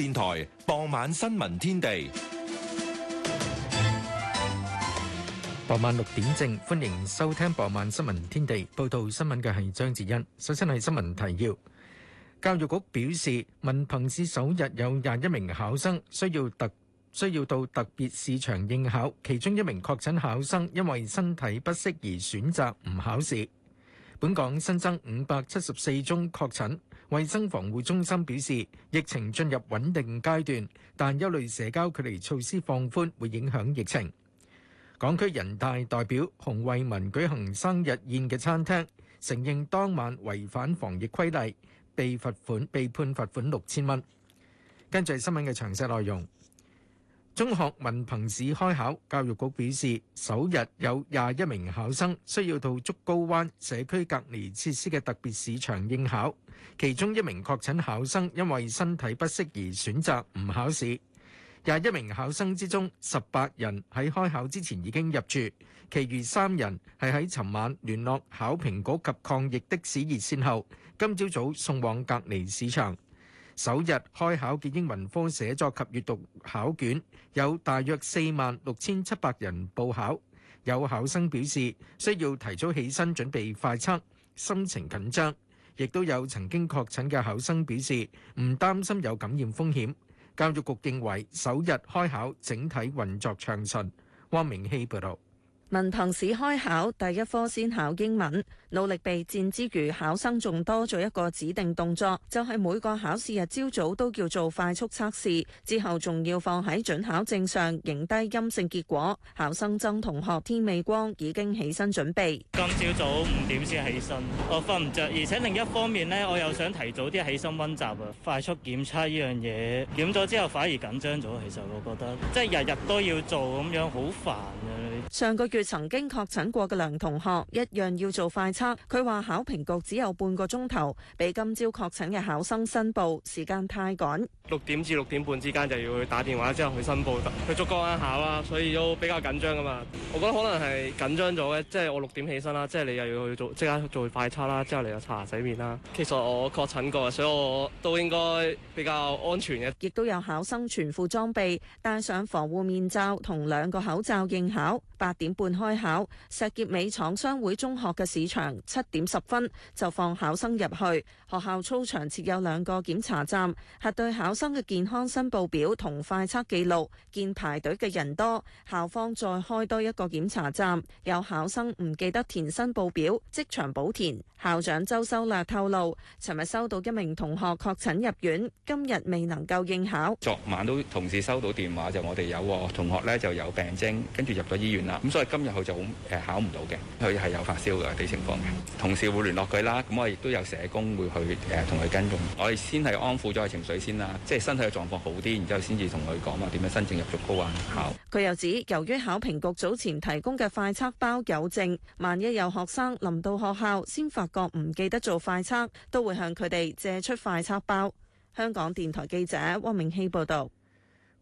電台傍晚新聞天地，傍晚六點正，歡迎收聽傍晚新聞天地。報道新聞嘅係張智欣。首先係新聞提要：教育局表示，文憑試首日有廿一名考生需要特需要到特別試場應考，其中一名確診考生因為身體不適而選擇唔考試。本港新增五百七十四宗確診。衛生防護中心表示，疫情進入穩定階段，但憂慮社交距離措施放寬會影響疫情。港區人大代表洪為民舉行生日宴嘅餐廳，承認當晚違反防疫規例，被罰款，被判罰款六千蚊。跟住係新聞嘅詳細內容。中學文憑試開考，教育局表示，首日有廿一名考生需要到竹篙灣社區隔離設施嘅特別試場應考，其中一名確診考生因為身體不適而選擇唔考試。廿一名考生之中，十八人喺開考之前已經入住，其餘三人係喺尋晚聯絡考評局及抗疫的士熱線後，今朝早送往隔離試場。首日開考嘅英文科寫作及閱讀考卷有大約四萬六千七百人報考，有考生表示需要提早起身準備快測，心情緊張；亦都有曾經確診嘅考生表示唔擔心有感染風險。教育局認為首日開考整體運作暢順。汪明希報導，文憑試開考第一科先考英文。努力備戰之餘，考生仲多做一個指定動作，就係、是、每個考試日朝早都叫做快速測試，之後仲要放喺准考證上影低陰性結果。考生曾同學天未光已經起身準備，今朝早五點先起身，我瞓唔着，而且另一方面咧，我又想提早啲起身溫習啊。快速檢測呢樣嘢，檢咗之後反而緊張咗，其實我覺得即係日日都要做咁樣好煩啊！上個月曾經確診過嘅梁同學一樣要做快。佢話：考評局只有半個鐘頭俾今朝確診嘅考生申報，時間太趕。六點至六點半之間就要去打電話，之後去申報，去竹篙灣考啦，所以都比較緊張㗎嘛。我覺得可能係緊張咗嘅，即係我六點起身啦，即係你又要去做即刻做快測啦，之後你又擦洗面啦。其實我確診過，所以我都應該比較安全嘅。亦都有考生全副裝備，戴上防護面罩同兩個口罩應考。八點半開考，石硖尾廠商會中學嘅市場，七點十分就放考生入去。學校操場設有兩個檢查站，核對考生嘅健康申報表同快測記錄。見排隊嘅人多，校方再開多一個檢查站。有考生唔記得填申報表，即場補填。校長周修立透露，尋日收到一名同學確診入院，今日未能夠應考。昨晚都同事收到電話，就我哋有我同學呢就有病徵，跟住入咗醫院啦。咁所以今日佢就誒考唔到嘅，佢係有發燒嘅地情況。同事會聯絡佢啦，咁我亦都有社工會去。佢同佢跟用，我哋先係安撫咗佢情緒先啦，即係身體嘅狀況好啲，然之後先至同佢講嘛，點樣申請入讀高啊校。佢又指，由於考評局早前提供嘅快測包有剩，萬一有學生臨到學校先發覺唔記得做快測，都會向佢哋借出快測包。香港電台記者汪明熙報道，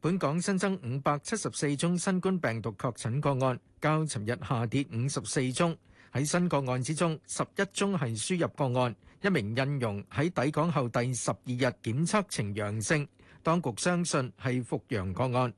本港新增五百七十四宗新冠病毒確診個案，較尋日下跌五十四宗。喺新個案之中，十一宗係輸入個案。一名印傭喺抵港後第十二日檢測呈陽性，當局相信係復陽個案。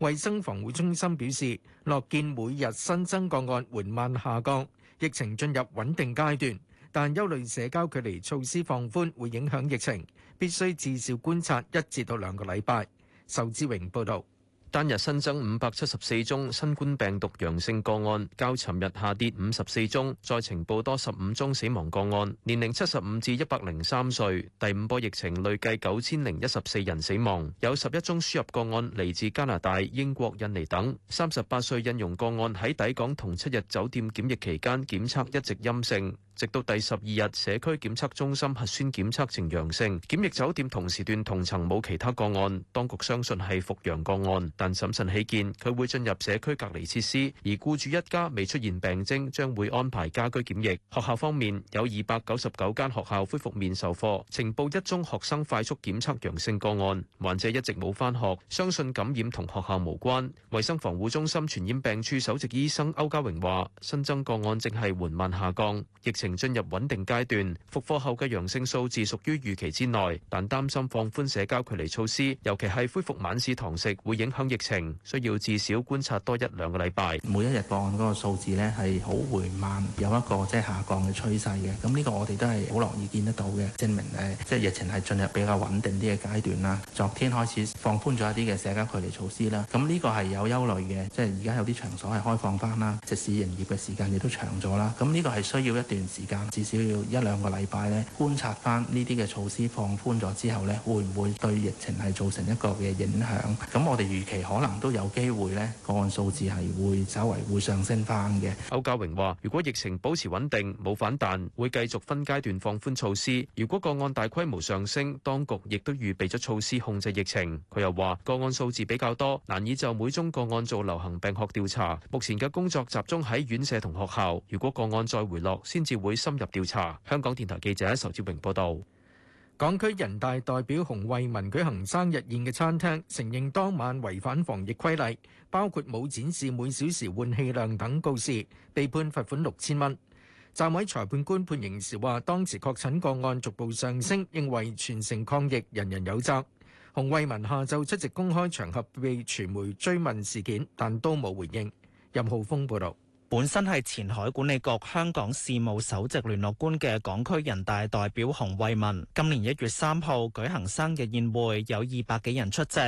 衛生防護中心表示，樂見每日新增個案緩慢下降，疫情進入穩定階段，但憂慮社交距離措施放寬會影響疫情，必須至少觀察一至到兩個禮拜。仇志榮報導。單日新增五百七十四宗新冠病毒陽性個案，較尋日下跌五十四宗，再呈報多十五宗死亡個案，年齡七十五至一百零三歲。第五波疫情累計九千零一十四人死亡，有十一宗輸入個案嚟自加拿大、英國、印尼等。三十八歲印傭個案喺抵港同七日酒店檢疫期間檢測一直陰性。直到第十二日，社區檢測中心核酸檢測呈陽性，檢疫酒店同時段同層冇其他個案，當局相信係復陽個案，但審慎起見，佢會進入社區隔離設施。而僱主一家未出現病徵，將會安排家居檢疫。學校方面有二百九十九間學校恢復面授課，呈報一中學生快速檢測陽性個案，患者一直冇返學，相信感染同學校無關。衞生防護中心傳染病處首席醫生歐家榮話：新增個案正係緩慢下降，疫情進入穩定階段，復課後嘅陽性數字屬於預期之內，但擔心放寬社交距離措施，尤其係恢復晚市堂食會影響疫情，需要至少觀察多一兩個禮拜。每一日個案嗰個數字呢係好緩慢，有一個即係下降嘅趨勢嘅。咁呢個我哋都係好樂意見得到嘅，證明誒即係疫情係進入比較穩定啲嘅階段啦。昨天開始放寬咗一啲嘅社交距離措施啦，咁呢個係有憂慮嘅，即係而家有啲場所係開放翻啦，食肆營業嘅時間亦都長咗啦，咁呢個係需要一段。時間至少要一兩個禮拜咧，觀察翻呢啲嘅措施放寬咗之後呢，會唔會對疫情係造成一個嘅影響？咁我哋預期可能都有機會呢，個案數字係會稍微會上升翻嘅。歐家榮話：如果疫情保持穩定，冇反彈，會繼續分階段放寬措施；如果個案大規模上升，當局亦都預備咗措施控制疫情。佢又話：個案數字比較多，難以就每宗個案做流行病學調查。目前嘅工作集中喺院舍同學校。如果個案再回落，先至會。會深入調查。香港電台記者仇志榮報道，港區人大代表洪為民舉行生日宴嘅餐廳，承認當晚違反防疫規例，包括冇展示每小時換氣量等告示，被判罰款六千蚊。暫委裁判官判刑時話，當時確診個案逐步上升，認為全城抗疫，人人有責。洪為民下晝出席公開場合被傳媒追問事件，但都冇回應。任浩峯報導。本身係前海管理局香港事務首席聯絡官嘅港區人大代表洪為民，今年一月三號舉行生日宴會，有二百幾人出席，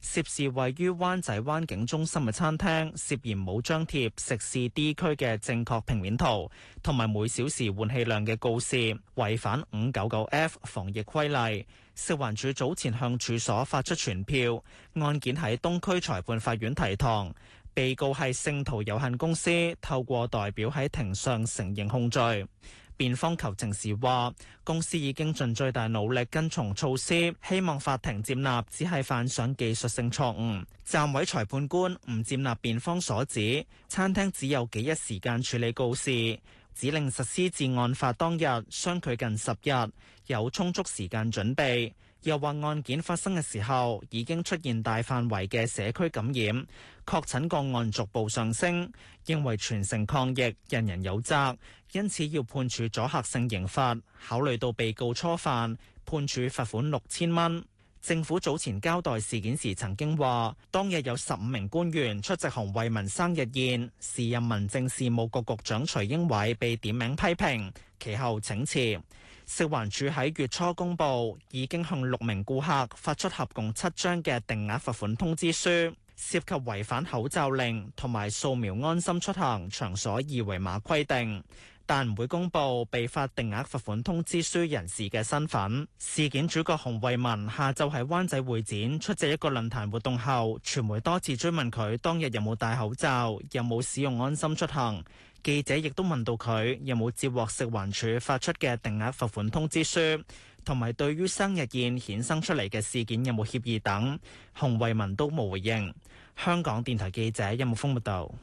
涉事位於灣仔灣景中心嘅餐廳，涉嫌冇張貼食肆 D 區嘅正確平面圖，同埋每小時換氣量嘅告示，違反五九九 F 防疫規例。食環署早前向處所發出傳票，案件喺東區裁判法院提堂。被告係聖徒有限公司，透過代表喺庭上承認控罪。辯方求情時話，公司已經盡最大努力跟從措施，希望法庭接納只係犯上技術性錯誤。暫委裁判官唔接納辯方所指，餐廳只有幾日時間處理告示，指令實施至案發當日，相距近十日，有充足時間準備。又話案件發生嘅時候已經出現大範圍嘅社區感染，確診個案逐步上升，認為全城抗疫人人有責，因此要判處阻嚇性刑罰。考慮到被告初犯，判處罰款六千蚊。政府早前交代事件時曾經話，當日有十五名官員出席洪為民生日宴，時任民政事務局局局長徐英偉被點名批評，其後請辭。食環署喺月初公布，已經向六名顧客發出合共七張嘅定額罰款通知書，涉及違反口罩令同埋掃描安心出行場所二維碼規定，但唔會公佈被發定額罰款通知書人士嘅身份。事件主角洪為民下晝喺灣仔會展出席一個論壇活動後，傳媒多次追問佢當日有冇戴口罩，有冇使用安心出行。記者亦都問到佢有冇接獲食環署發出嘅定額罰款通知書，同埋對於生日宴衍生出嚟嘅事件有冇協議等，洪惠文都冇回應。香港電台記者任木峯報道。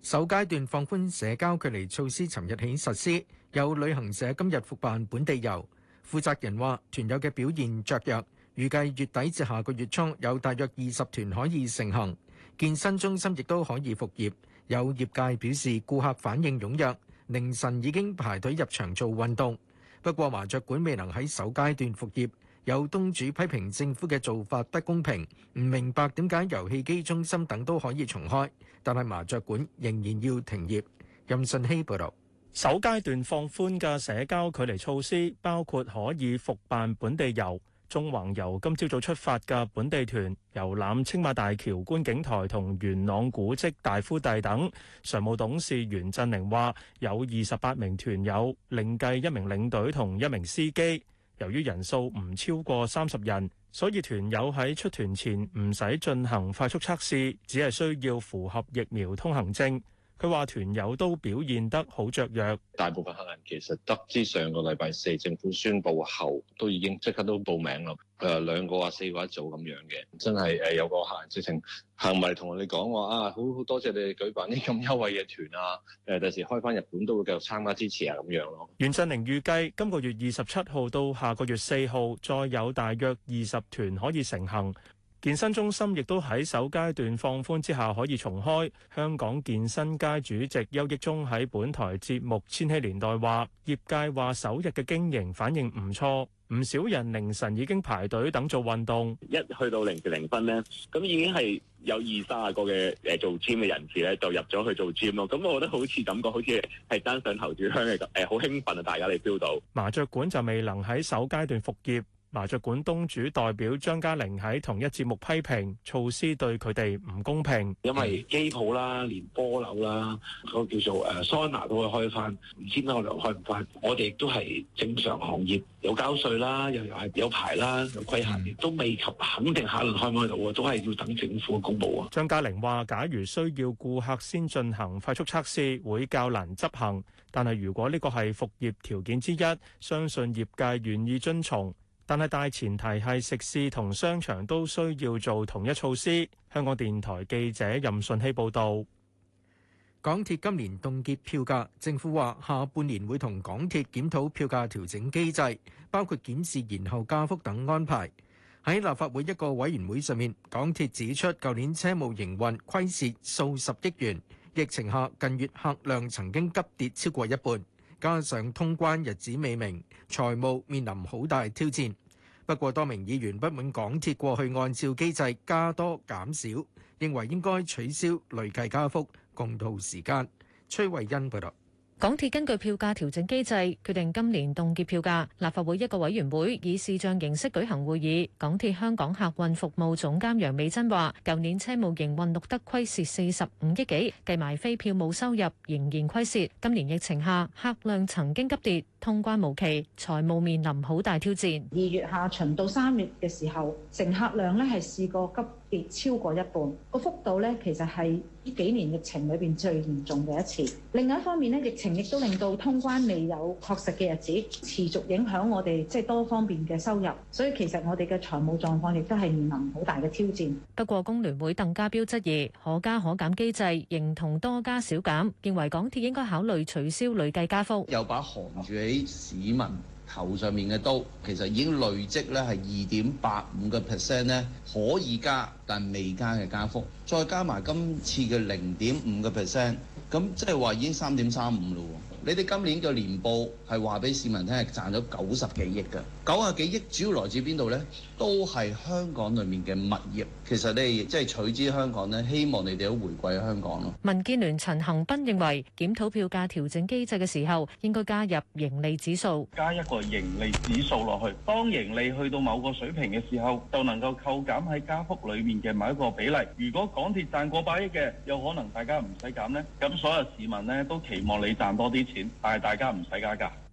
首階段放寬社交距離措施，尋日起實施，有旅行社今日復辦本地遊。負責人話：團友嘅表現雀躍，預計月底至下個月初有大約二十團可以成行。健身中心亦都可以復業。有業界表示顧客反應踴躍，凌晨已經排隊入場做運動。不過麻雀館未能喺首階段復業，有東主批評政府嘅做法不公平，唔明白點解遊戲機中心等都可以重開，但係麻雀館仍然要停業。任信希報導，首階段放寬嘅社交距離措施包括可以復辦本地遊。中環遊今朝早出發嘅本地團遊覽青馬大橋觀景台同元朗古蹟大夫第等。常務董事袁振寧話：有二十八名團友，另計一名領隊同一名司機。由於人數唔超過三十人，所以團友喺出團前唔使進行快速測試，只係需要符合疫苗通行證。佢話團友都表現得好雀躍，大部分客人其實得知上個禮拜四政府宣佈後，都已經即刻都報名啦。佢話兩個或四個一組咁樣嘅，真係誒，有個客人直情行埋同我哋講話啊，好好多謝你哋舉辦啲咁優惠嘅團啊！誒、啊，第時開翻日本都會繼續參加支持啊咁樣咯。袁振寧預計今個月二十七號到下個月四號，再有大約二十團可以成行。健身中心亦都喺首階段放寬之下可以重開。香港健身界主席邱益忠喺本台節目《千禧年代》話：業界話首日嘅經營反應唔錯，唔少人凌晨已經排隊等做運動。一去到零時零分咧，咁已經係有二三十個嘅誒做 gym 嘅人士咧，就入咗去做 gym 咯。咁我覺得好似感覺好似係登上頭柱香嘅誒，好興奮啊！大家嚟收到。麻雀館就未能喺首階段復業。麻雀館東主代表張嘉玲喺同一節目批評措施對佢哋唔公平，因為機舖啦、連波樓啦，個叫做誒桑拿都可以開翻，唔知我哋開唔翻。我哋都係正常行業，有交稅啦，又又係有牌啦，有規限，都未及肯定下輪開唔開到啊，都係要等政府嘅公布啊。張嘉玲話，假如需要顧客先進行快速測試，會較難執行，但係如果呢個係復業條件之一，相信業界願意遵從。但係大前提係食肆同商場都需要做同一措施。香港電台記者任順希報導。港鐵今年凍結票價，政府話下半年會同港鐵檢討票價調整機制，包括檢視延後加幅等安排。喺立法會一個委員會上面，港鐵指出舊年車務營運虧蝕數十億元，疫情下近月客量曾經急跌超過一半。加上通關日子未明，財務面臨好大挑戰。不過，多名議員不滿港鐵過去按照機制加多減少，認為應該取消累計加幅，共度時間。崔慧欣報導。港鐵根據票價調整機制決定今年凍結票價。立法會一個委員會以視像形式舉行會議。港鐵香港客運服務總監楊美珍話，舊年車務營運錄得虧蝕四十五億幾，計埋非票務收入，仍然虧蝕。今年疫情下客量曾經急跌，通關無期，財務面臨好大挑戰。二月下旬到三月嘅時候，乘客量咧係試過急跌超過一半，個幅度咧其實係呢幾年疫情裏邊最嚴重嘅一次。另外一方面咧，疫情亦都令到通關未有確實嘅日子，持續影響我哋即係多方面嘅收入，所以其實我哋嘅財務狀況亦都係面臨好大嘅挑戰。不過工聯會鄧家彪質疑可加可減機制，認同多加少減，認為港鐵應該考慮取消累計加幅，又把寒住喺市民。頭上面嘅刀其實已經累積咧係二點八五個 percent 咧可以加，但未加嘅加幅，再加埋今次嘅零點五個 percent，咁即係話已經三點三五咯喎。你哋今年嘅年報係話俾市民聽係賺咗九十幾億嘅，九十幾億主要來自邊度呢？都係香港裏面嘅物業。其實你即係取之香港咧，希望你哋都回歸香港咯。民建聯陳恆斌認為檢討票價調整機制嘅時候，應該加入盈利指數，加一個盈利指數落去。當盈利去到某個水平嘅時候，就能夠扣減喺加幅裏面嘅某一個比例。如果港鐵賺過百億嘅，有可能大家唔使減呢？咁所有市民呢都期望你賺多啲錢，但係大家唔使加價。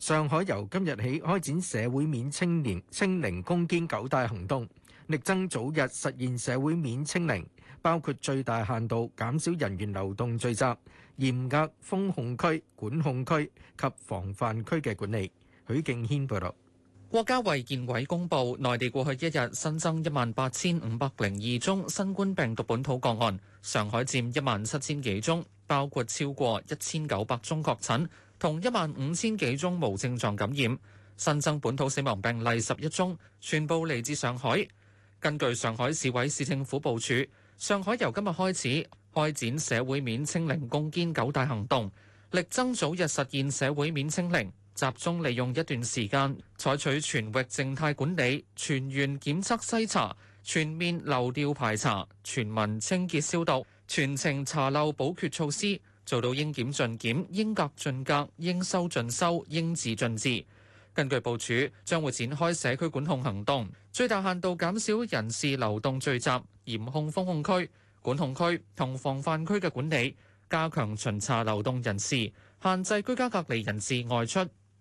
上海由今日起開展社會面清零清零攻堅九大行動，力爭早日實現社會面清零，包括最大限度減少人員流動聚集、嚴格封控區管控區及防範區嘅管理。許敬軒報道。國家衛健委公布內地過去一日新增一萬八千五百零二宗新冠病毒本土個案，上海佔一萬七千幾宗，包括超過一千九百宗確診。1> 同一萬五千幾宗無症狀感染，新增本土死亡病例十一宗，全部嚟自上海。根據上海市委市政府部署，上海由今日開始開展社會面清零、攻堅九大行動，力爭早日實現社會面清零。集中利用一段時間，採取全域靜態管理、全員檢測篩查、全面流調排查、全民清潔消毒、全程查漏補缺措施。做到應檢盡檢、應隔盡隔、應收盡收、應治盡治。根據部署，將會展開社區管控行動，最大限度減少人士流動聚集，嚴控封控區、管控區同防範區嘅管理，加強巡查流動人士，限制居家隔離人士外出。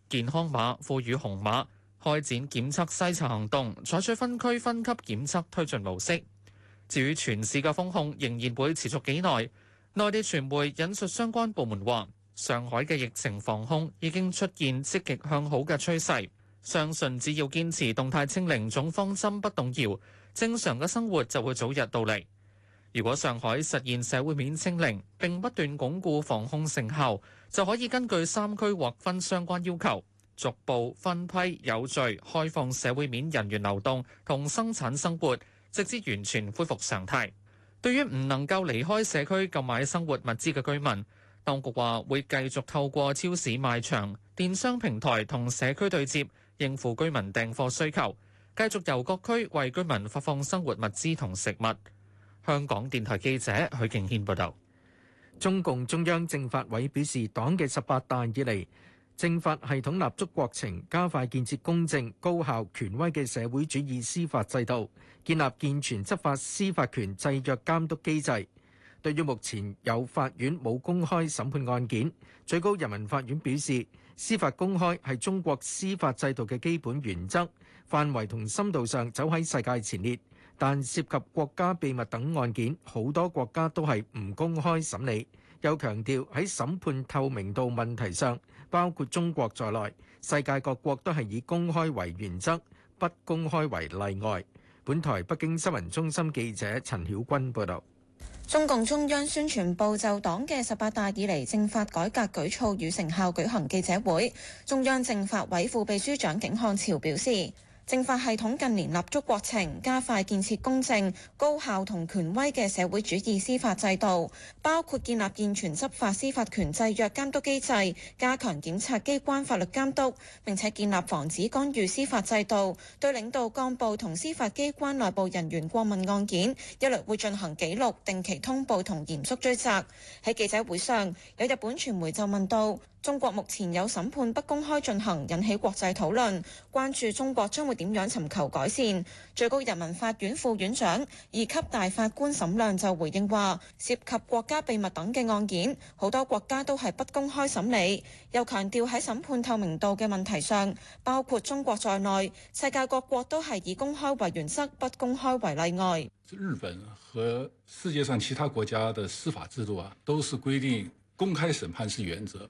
健康碼賦予紅碼，開展檢測篩查行動，採取分區分級檢測推進模式。至於全市嘅封控仍然會持續幾耐？內地傳媒引述相關部門話：上海嘅疫情防控已經出現積極向好嘅趨勢，相信只要堅持動態清零，總方針不動搖，正常嘅生活就會早日到嚟。如果上海實現社會面清零，並不斷鞏固防控成效，就可以根據三區劃分相關要求，逐步分批有序開放社會面人員流動同生產生活，直至完全恢復常態。對於唔能夠離開社區購買生活物資嘅居民，當局話會繼續透過超市賣場、電商平台同社區對接，應付居民訂貨需求，繼續由各區為居民發放生活物資同食物。香港電台記者許敬軒報導。中共中央政法委表示，黨嘅十八大以嚟。政法系統立足國情，加快建設公正、高效、權威嘅社會主義司法制度，建立健全執法司法權制約監督機制。對於目前有法院冇公開審判案件，最高人民法院表示，司法公開係中國司法制度嘅基本原則，範圍同深度上走喺世界前列。但涉及國家秘密等案件，好多國家都係唔公開審理，又強調喺審判透明度問題上。包括中國在內，世界各國都係以公開為原則，不公開為例外。本台北京新聞中心記者陳曉君報導，中共中央宣傳部就黨嘅十八大以嚟政法改革舉措與成效舉行記者會，中央政法委副秘書長景漢朝表示。政法系統近年立足國情，加快建設公正、高效同權威嘅社會主義司法制度，包括建立健全執法司法權制約監督機制，加強檢察機關法律監督，並且建立防止干預司法制度，對領導幹部同司法機關內部人員過問案件，一律會進行記錄、定期通報同嚴肅追責。喺記者會上，有日本傳媒就問到。中國目前有審判不公開進行，引起國際討論，關注中國將會點樣尋求改善。最高人民法院副院長、二級大法官沈亮就回應話，涉及國家秘密等嘅案件，好多國家都係不公開審理。又強調，喺審判透明度嘅問題上，包括中國在內，世界各國都係以公開為原則，不公開為例外。日本和世界上其他國家的司法制度啊，都是規定公開審判是原則。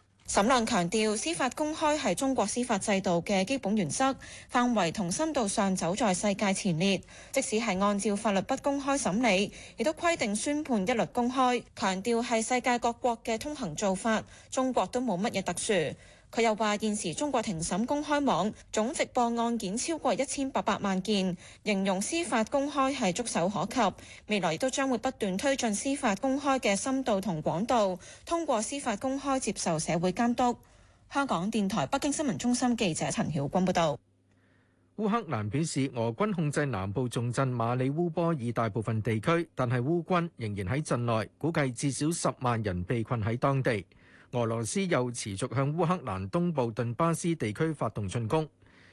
沈亮強調，司法公開係中國司法制度嘅基本原則，範圍同深度上走在世界前列。即使係按照法律不公開審理，亦都規定宣判一律公開，強調係世界各國嘅通行做法，中國都冇乜嘢特殊。佢又話：現時中國庭審公開網總直播案件超過一千八百萬件，形容司法公開係觸手可及。未來亦都將會不斷推進司法公開嘅深度同廣度，通過司法公開接受社會監督。香港電台北京新聞中心記者陳曉君報導。烏克蘭表示，俄軍控制南部重鎮馬里烏波爾大部分地區，但係烏軍仍然喺鎮內，估計至少十萬人被困喺當地。俄羅斯又持續向烏克蘭東部頓巴斯地區發動進攻。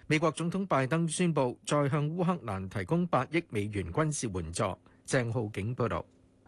美國總統拜登宣布再向烏克蘭提供八億美元軍事援助。鄭浩景報導，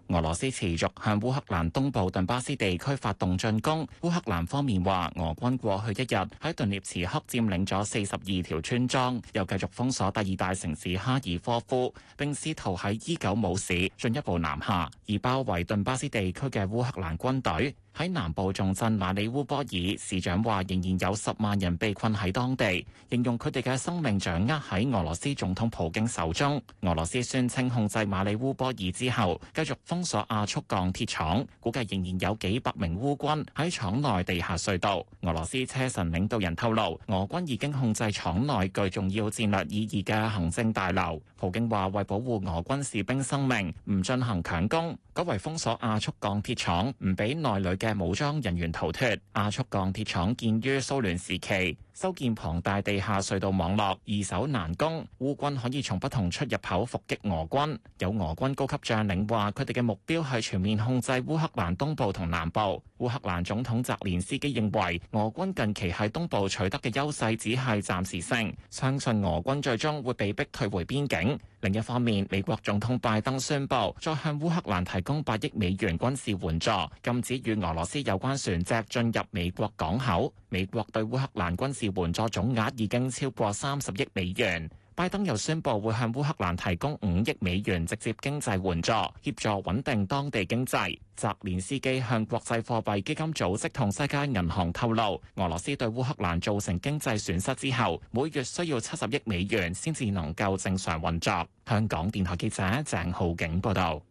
俄羅斯持續向烏克蘭東部頓巴斯地區發動進攻。烏克蘭方面話，俄軍過去一日喺頓涅茨克佔領咗四十二條村莊，又繼續封鎖第二大城市哈爾科夫，並試圖喺伊久姆市進一步南下，而包圍頓巴斯地區嘅烏克蘭軍隊。喺南部重鎮馬里烏波爾，市長話仍然有十萬人被困喺當地，形容佢哋嘅生命掌握喺俄羅斯總統普京手中。俄羅斯宣稱控制馬里烏波爾之後，繼續封鎖亞速鋼鐵廠，估計仍然有幾百名烏軍喺廠內地下隧道。俄羅斯車臣領導人透露，俄軍已經控制廠內具重要戰略意義嘅行政大樓。普京話為保護俄軍士兵生命，唔進行強攻，改為封鎖亞速鋼鐵廠，唔俾內裏嘅武裝人員逃脫。亞速鋼鐵廠建於蘇聯時期，修建龐大地下隧道網絡，易守難攻。烏軍可以從不同出入口伏擊俄軍。有俄軍高級將領話：佢哋嘅目標係全面控制烏克蘭東部同南部。烏克蘭總統澤連斯基認為，俄軍近期喺東部取得嘅優勢只係暫時性，相信俄軍最終會被逼退回邊境。另一方面，美國總統拜登宣布再向烏克蘭提供八億美元軍事援助，禁止與俄羅斯有關船隻進入美國港口。美國對烏克蘭軍事援助總額已經超過三十億美元。拜登又宣布會向烏克蘭提供五億美元直接經濟援助，協助穩定當地經濟。澤連斯基向國際貨幣基金組織同世界銀行透露，俄羅斯對烏克蘭造成經濟損失之後，每月需要七十億美元先至能夠正常運作。香港電台記者鄭浩景報道。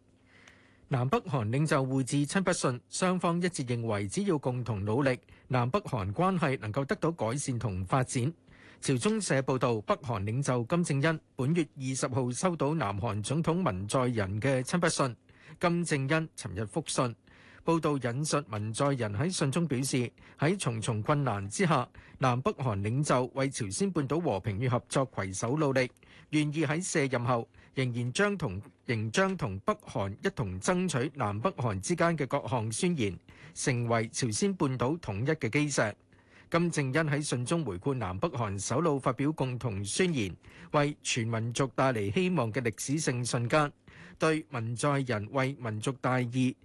南北韓領袖互致親筆信，雙方一致認為只要共同努力，南北韓關係能夠得到改善同發展。朝中社報導，北韓領袖金正恩本月20號收到南韓總統文在寅嘅親筆信，金正恩尋日復信，報導引述文在寅喺信中表示，喺重重困難之下，南北韓領袖為朝鮮半島和平與合作攜手努力，願意喺卸任後，仍然將同仍將同北韓一同爭取南北韓之間嘅各項宣言，成為朝鮮半島統一嘅基石。金正恩喺信中回顧南北韓首腦發表共同宣言，為全民族帶嚟希望嘅歷史性瞬間，對文在寅為民族大義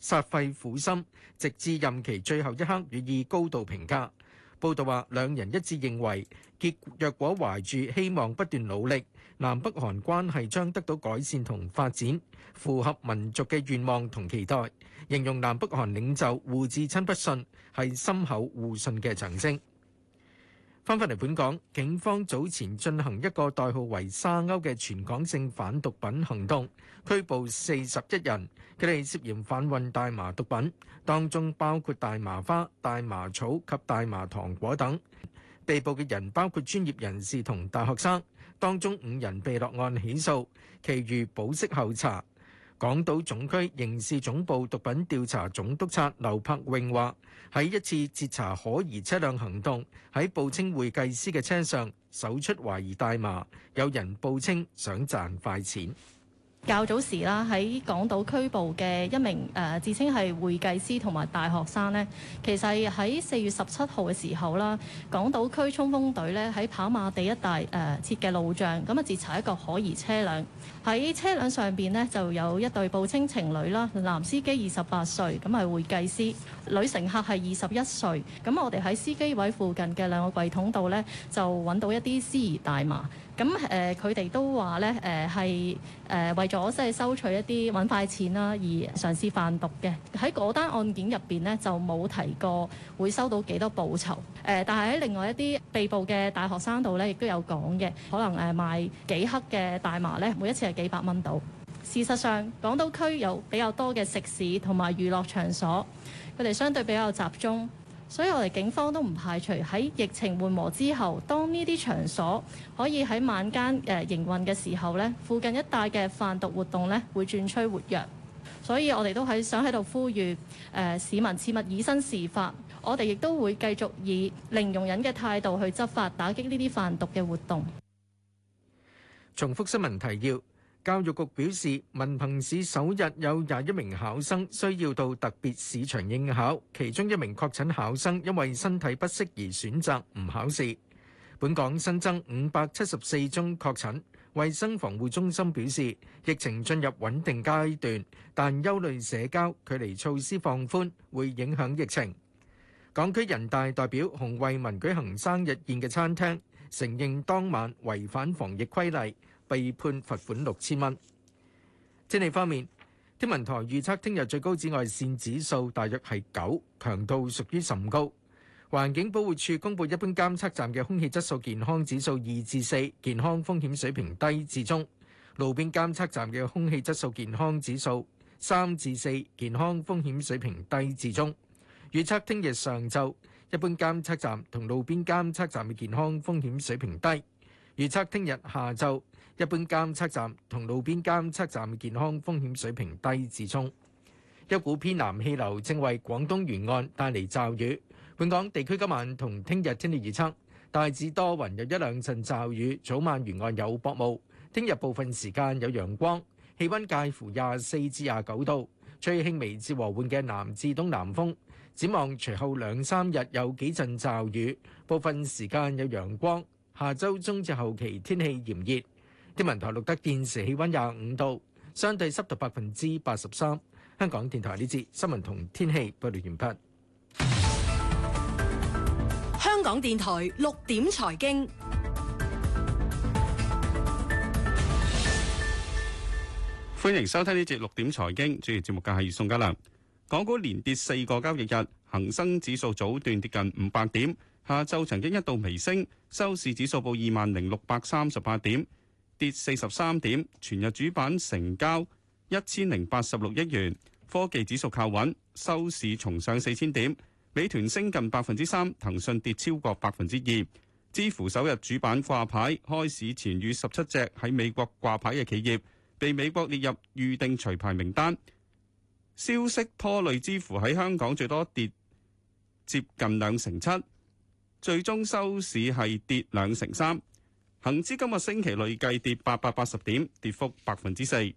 煞費苦心，直至任期最後一刻予以高度評價。報道話，兩人一致認為，結果若果懷住希望不斷努力。南北韓關係將得到改善同發展，符合民族嘅願望同期待。形容南北韓領袖互致親筆信，係深厚互信嘅象徵。翻返嚟本港，警方早前進行一個代號為沙鷗嘅全港性反毒品行動，拘捕四十一人，佢哋涉嫌販運大麻毒品，當中包括大麻花、大麻草及大麻糖果等。被捕嘅人包括專業人士同大學生。當中五人被落案起訴，其餘保釋候查。港島總區刑事總部毒品調查總督察劉柏榮話：喺一次截查可疑車輛行動，喺報稱會計師嘅車上搜出懷疑大麻，有人報稱想賺快錢。較早時啦，喺港島區部嘅一名誒，自稱係會計師同埋大學生咧，其實喺四月十七號嘅時候啦，港島區衝鋒隊咧喺跑馬地一帶誒設嘅路障，咁啊截查一個可疑車輛。喺車輛上邊呢，就有一對報稱情侶啦，男司機二十八歲，咁係會計師，女乘客係二十一歲。咁我哋喺司機位附近嘅兩個櫃桶度呢，就揾到一啲司儀大麻。咁誒，佢、呃、哋都話呢誒係誒為咗即係收取一啲揾快錢啦而嘗試販毒嘅。喺嗰單案件入邊呢，就冇提過會收到幾多報酬。誒、呃，但係喺另外一啲被捕嘅大學生度呢，亦都有講嘅，可能誒賣、呃、幾克嘅大麻呢，每一次係，幾百蚊到。事實上，港島區有比較多嘅食肆同埋娛樂場所，佢哋相對比較集中，所以我哋警方都唔排除喺疫情緩和之後，當呢啲場所可以喺晚間誒營運嘅時候呢，附近一帶嘅販毒活動呢會轉趨活躍。所以我哋都喺想喺度呼籲市民切勿以身試法。我哋亦都會繼續以零容忍嘅態度去執法，打擊呢啲販毒嘅活動。重複新聞提要。教育局表示，文憑試首日有廿一名考生需要到特別試場應考，其中一名確診考生因為身體不適而選擇唔考試。本港新增五百七十四宗確診，衛生防護中心表示疫情進入穩定階段，但憂慮社交距離措施放寬會影響疫情。港區人大代表洪為民舉行生日宴嘅餐廳承認當晚違反防疫規例。被判罰款六千蚊。天氣方面，天文台預測聽日最高紫外線指數大約係九，強度屬於甚高。環境保護署公佈一般監測站嘅空氣質素健康指數二至四，健康風險水平低至中。路邊監測站嘅空氣質素健康指數三至四，健康風險水平低至中。預測聽日上晝，一般監測站同路邊監測站嘅健康風險水平低。預測聽日下晝，一般監測站同路邊監測站健康風險水平低至中。一股偏南氣流正為廣東沿岸帶嚟驟雨。本港地區今晚同聽日天氣預測大致多雲，有一兩陣驟雨，早晚沿岸有薄霧，聽日部分時間有陽光，氣溫介乎廿四至廿九度，吹輕微至和緩嘅南至東南風，展望隨後兩三日有幾陣驟雨，部分時間有陽光。下周中至後期天氣炎熱。天文台錄得現時氣溫廿五度，相對濕度百分之八十三。香港電台呢節新聞同天氣報告完畢。香港電台六點財經，歡迎收聽呢節六點財經。主持節目嘅係宋家良。港股連跌四個交易日，恒生指數早段跌近五百點，下晝曾經一度微升，收市指數報二萬零六百三十八點。跌四十三點，全日主板成交一千零八十六億元。科技指數靠穩，收市重上四千點。美團升近百分之三，騰訊跌超過百分之二。知乎首日主板掛牌，開市前與十七隻喺美國掛牌嘅企業被美國列入預定除牌名單。消息拖累知乎喺香港最多跌接近兩成七，最終收市係跌兩成三。恒指今個星期累計跌八百八十點，跌幅百分之四。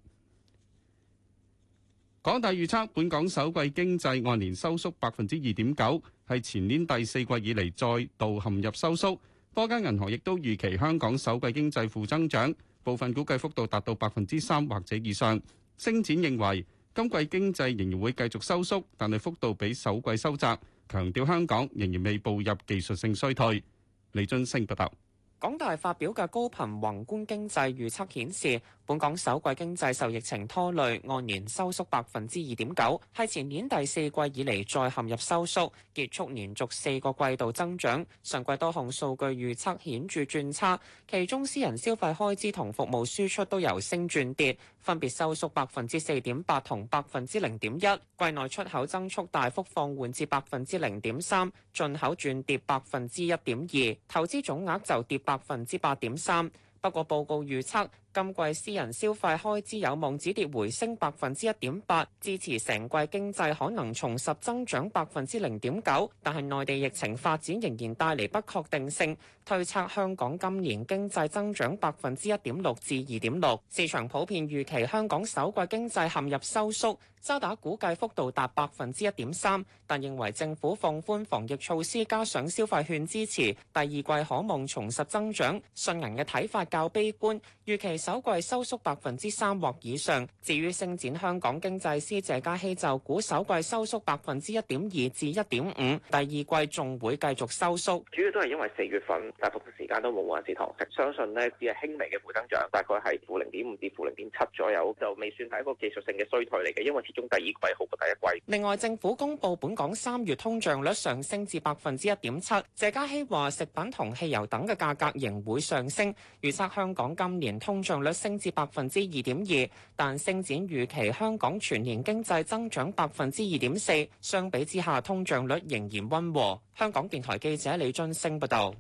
港大預測本港首季經濟按年收縮百分之二點九，係前年第四季以嚟再度陷入收縮。多間銀行亦都預期香港首季經濟負增長，部分估計幅度達到百分之三或者以上。星展認為今季經濟仍然會繼續收縮，但係幅度比首季收窄，強調香港仍然未步入技術性衰退。李津升報道。港大發表嘅高頻宏觀經濟預測顯示。本港首季經濟受疫情拖累，按年收縮百分之二點九，係前年第四季以嚟再陷入收縮，結束連續四個季度增長。上季多項數據預測顯著轉差，其中私人消費開支同服務輸出都由升轉跌，分別收縮百分之四點八同百分之零點一。季內出口增速大幅放緩至百分之零點三，進口轉跌百分之一點二，投資總額就跌百分之八點三。不過報告預測，今季私人消費開支有望止跌回升百分之一點八，支持成季經濟可能重拾增長百分之零點九。但係內地疫情發展仍然帶嚟不確定性，推測香港今年經濟增長百分之一點六至二點六。市場普遍預期香港首季經濟陷入收縮，渣打估計幅度達百分之一點三，但認為政府放寬防疫措施加上消費券支持，第二季可望重拾增長。信銀嘅睇法較悲觀，預期。首季收縮百分之三或以上，至於星展香港經濟師謝家熙，就估首季收縮百分之一點二至一點五，第二季仲會繼續收縮，主要都係因為四月份大部分時間都冇堂食，相信呢只係輕微嘅負增長，大概係負零點五至負零點七左右，就未算係一個技術性嘅衰退嚟嘅，因為始終第二季好過第一季。另外，政府公布本港三月通脹率上升至百分之一點七，謝家熙話食品同汽油等嘅價格仍會上升，預測香港今年通率升至百分之二點二，但升展預期香港全年經濟增長百分之二點四。相比之下，通脹率仍然温和。香港電台記者李俊升報道。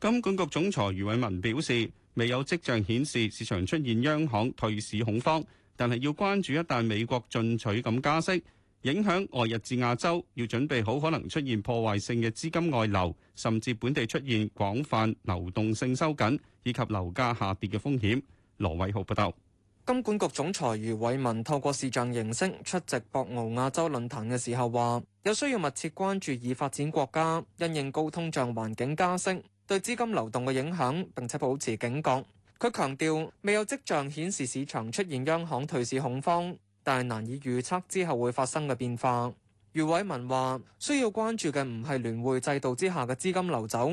金管局總裁余偉文表示，未有跡象顯示市場出現央行退市恐慌，但係要關注一旦美國進取咁加息，影響外日至亞洲，要準備好可能出現破壞性嘅資金外流，甚至本地出現廣泛流動性收緊以及樓價下跌嘅風險。羅偉豪報道，金管局總裁余偉文透過視像形式出席博鰲亞洲論壇嘅時候話，有需要密切關注已發展國家因應高通脹環境加息對資金流動嘅影響，並且保持警覺。佢強調，未有跡象顯示市場出現央行退市恐慌，但係難以預測之後會發生嘅變化。余偉文話，需要關注嘅唔係聯匯制度之下嘅資金流走。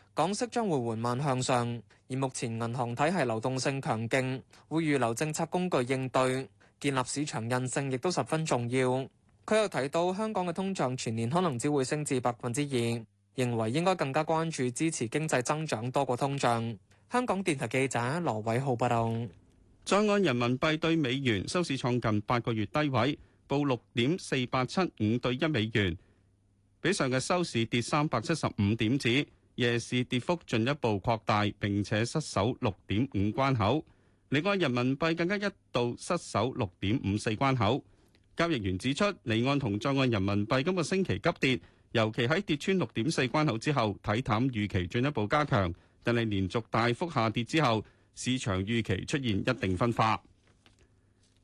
港息將會緩慢向上，而目前銀行體系流動性強勁，會預留政策工具應對。建立市場韌性亦都十分重要。佢又提到，香港嘅通脹全年可能只會升至百分之二，認為應該更加關注支持經濟增長多過通脹。香港電台記者羅偉浩報道。在岸人民幣對美元收市創近八個月低位，報六點四八七五對一美元，比上日收市跌三百七十五點子。夜市跌幅進一步擴大，並且失守六點五關口。離岸人民幣更加一度失守六點五四關口。交易員指出，離岸同在岸人民幣今個星期急跌，尤其喺跌穿六點四關口之後，睇淡預期進一步加強。但係連續大幅下跌之後，市場預期出現一定分化。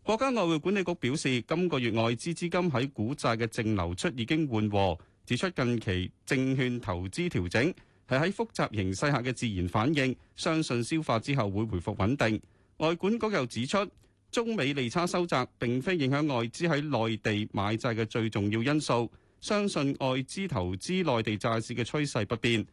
國家外匯管理局表示，今個月外資資金喺股債嘅淨流出已經緩和，指出近期證券投資調整。係喺複雜形勢下嘅自然反應，相信消化之後會回復穩定。外管局又指出，中美利差收窄並非影響外資喺內地買債嘅最重要因素，相信外資投資內地債市嘅趨勢不變。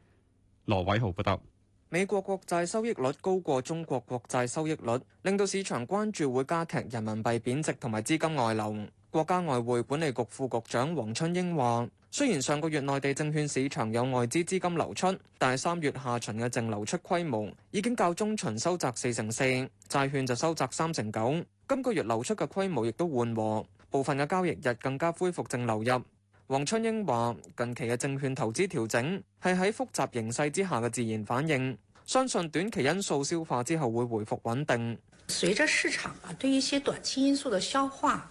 羅偉豪報道，美國國債收益率高過中國國債收益率，令到市場關注會加劇人民幣貶值同埋資金外流。國家外匯管理局副局長黃春英話。雖然上個月內地證券市場有外資資金流出，但係三月下旬嘅淨流出規模已經較中旬收窄四成四，債券就收窄三成九。今個月流出嘅規模亦都緩和，部分嘅交易日更加恢復淨流入。黃春英話：近期嘅證券投資調整係喺複雜形勢之下嘅自然反應，相信短期因素消化之後會回復穩定。隨著市場啊對一些短期因素的消化。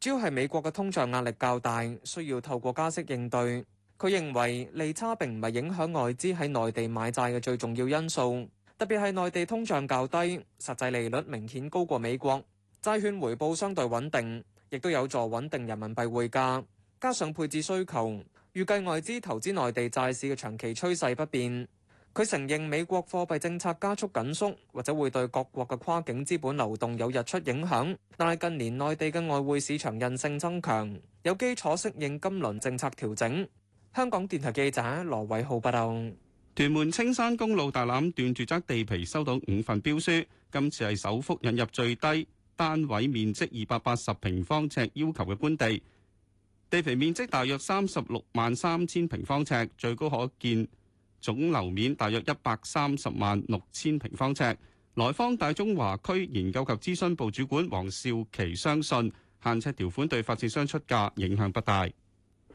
主要係美國嘅通脹壓力較大，需要透過加息應對。佢認為利差並唔係影響外資喺內地買債嘅最重要因素，特別係內地通脹較低，實際利率明顯高過美國，債券回報相對穩定，亦都有助穩定人民幣匯價。加上配置需求，預計外資投資內地債市嘅長期趨勢不變。佢承認美國貨幣政策加速緊縮，或者會對各國嘅跨境資本流動有日出影響，但係近年內地嘅外匯市場韌性增強，有基礎適應今輪政策調整。香港電台記者羅偉浩報道。屯門青山公路大欖段住宅地皮收到五份標書，今次係首幅引入最低單位面積二百八十平方尺要求嘅官地，地皮面積大約三十六萬三千平方尺，最高可建，總樓面大約一百三十萬六千平方尺。萊坊大中華區研究及諮詢部主管黃少琪相信，限尺條款對發展商出價影響不大。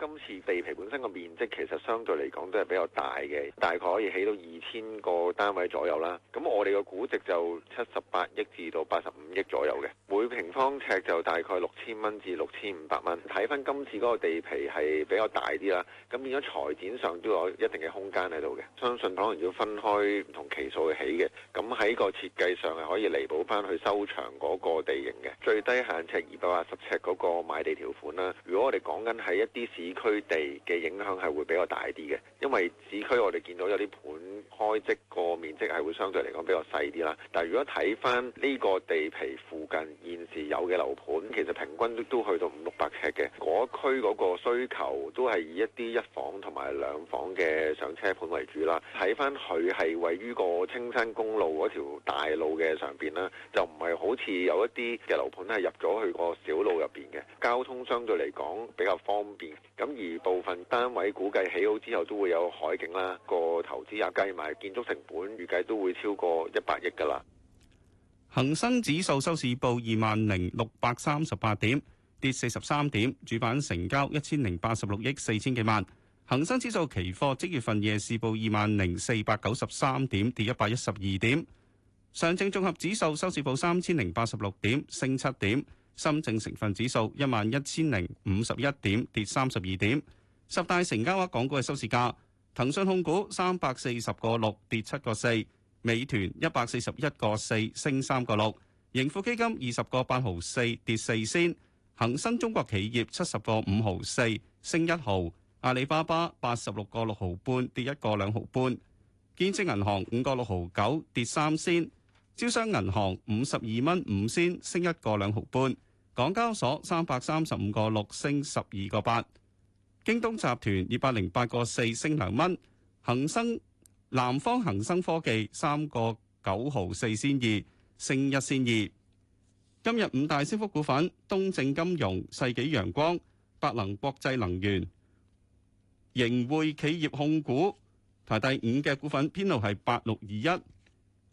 今次地皮本身個面積其實相對嚟講都係比較大嘅，大概可以起到二千個單位左右啦。咁我哋嘅估值就七十八億至到八十五億左右嘅，每平方尺就大概六千蚊至六千五百蚊。睇翻今次嗰個地皮係比較大啲啦，咁變咗裁剪上都有一定嘅空間喺度嘅。相信可能要分開唔同期數去起嘅，咁喺個設計上係可以彌補翻去收長嗰個地形嘅最低限尺二百八十尺嗰個買地條款啦。如果我哋講緊喺一啲市市區地嘅影響係會比較大啲嘅，因為市區我哋見到有啲盤開積個面積係會相對嚟講比較細啲啦。但係如果睇翻呢個地皮附近現時有嘅樓盤，其實平均都去到五六百尺嘅。嗰區，嗰個需求都係以一啲一房同埋兩房嘅上車盤為主啦。睇翻佢係位於個青山公路嗰條大路嘅上邊啦，就唔係好似有一啲嘅樓盤係入咗去個小路入邊嘅，交通相對嚟講比較方便。咁而部分單位估計起好之後都會有海景啦，個投資額計埋建築成本，預計都會超過一百億㗎啦。恒生指數收市報二萬零六百三十八點，跌四十三點，主板成交一千零八十六億四千幾萬。恒生指數期貨即月份夜市報二萬零四百九十三點，跌一百一十二點。上證綜合指數收市報三千零八十六點，升七點。深證成分指數一萬一千零五十一點，跌三十二點。十大成交額港股嘅收市價：騰訊控股三百四十個六，跌七個四；美團一百四十一個四，升三個六；盈富基金二十個八毫四，跌四仙；恒生中國企業七十個五毫四，升一毫；阿里巴巴八十六個六毫半，跌一個兩毫半；建設銀行五個六毫九，跌三仙。招商銀行五十二蚊五仙，升一個兩毫半。港交所三百三十五個六，升十二個八。京東集團二百零八個四，升兩蚊。恒生南方恒生科技三個九毫四仙二，2，升一仙二。今日五大升幅股份：東正金融、世紀陽光、百能國際能源、盈匯企業控股，排第五嘅股份，編號係八六二一。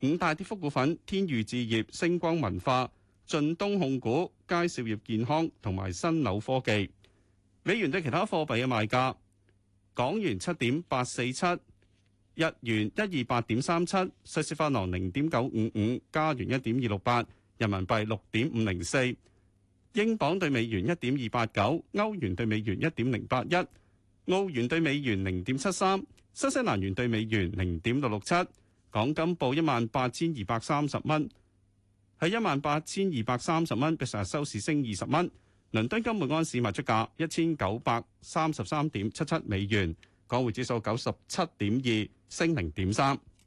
五大跌幅股份：天譽置業、星光文化、晉東控股、佳兆業健康同埋新柳科技。美元對其他貨幣嘅賣價：港元七點八四七，日元一二八點三七，瑞士法郎零點九五五，加元一點二六八，人民幣六點五零四，英鎊對美元一點二八九，歐元對美元一點零八一，澳元對美元零點七三，新西蘭元對美元零點六六七。港金報一萬八千二百三十蚊，喺一萬八千二百三十蚊，比上日收市升二十蚊。倫敦金每盎司賣出價一千九百三十三點七七美元，港匯指數九十七點二升零點三。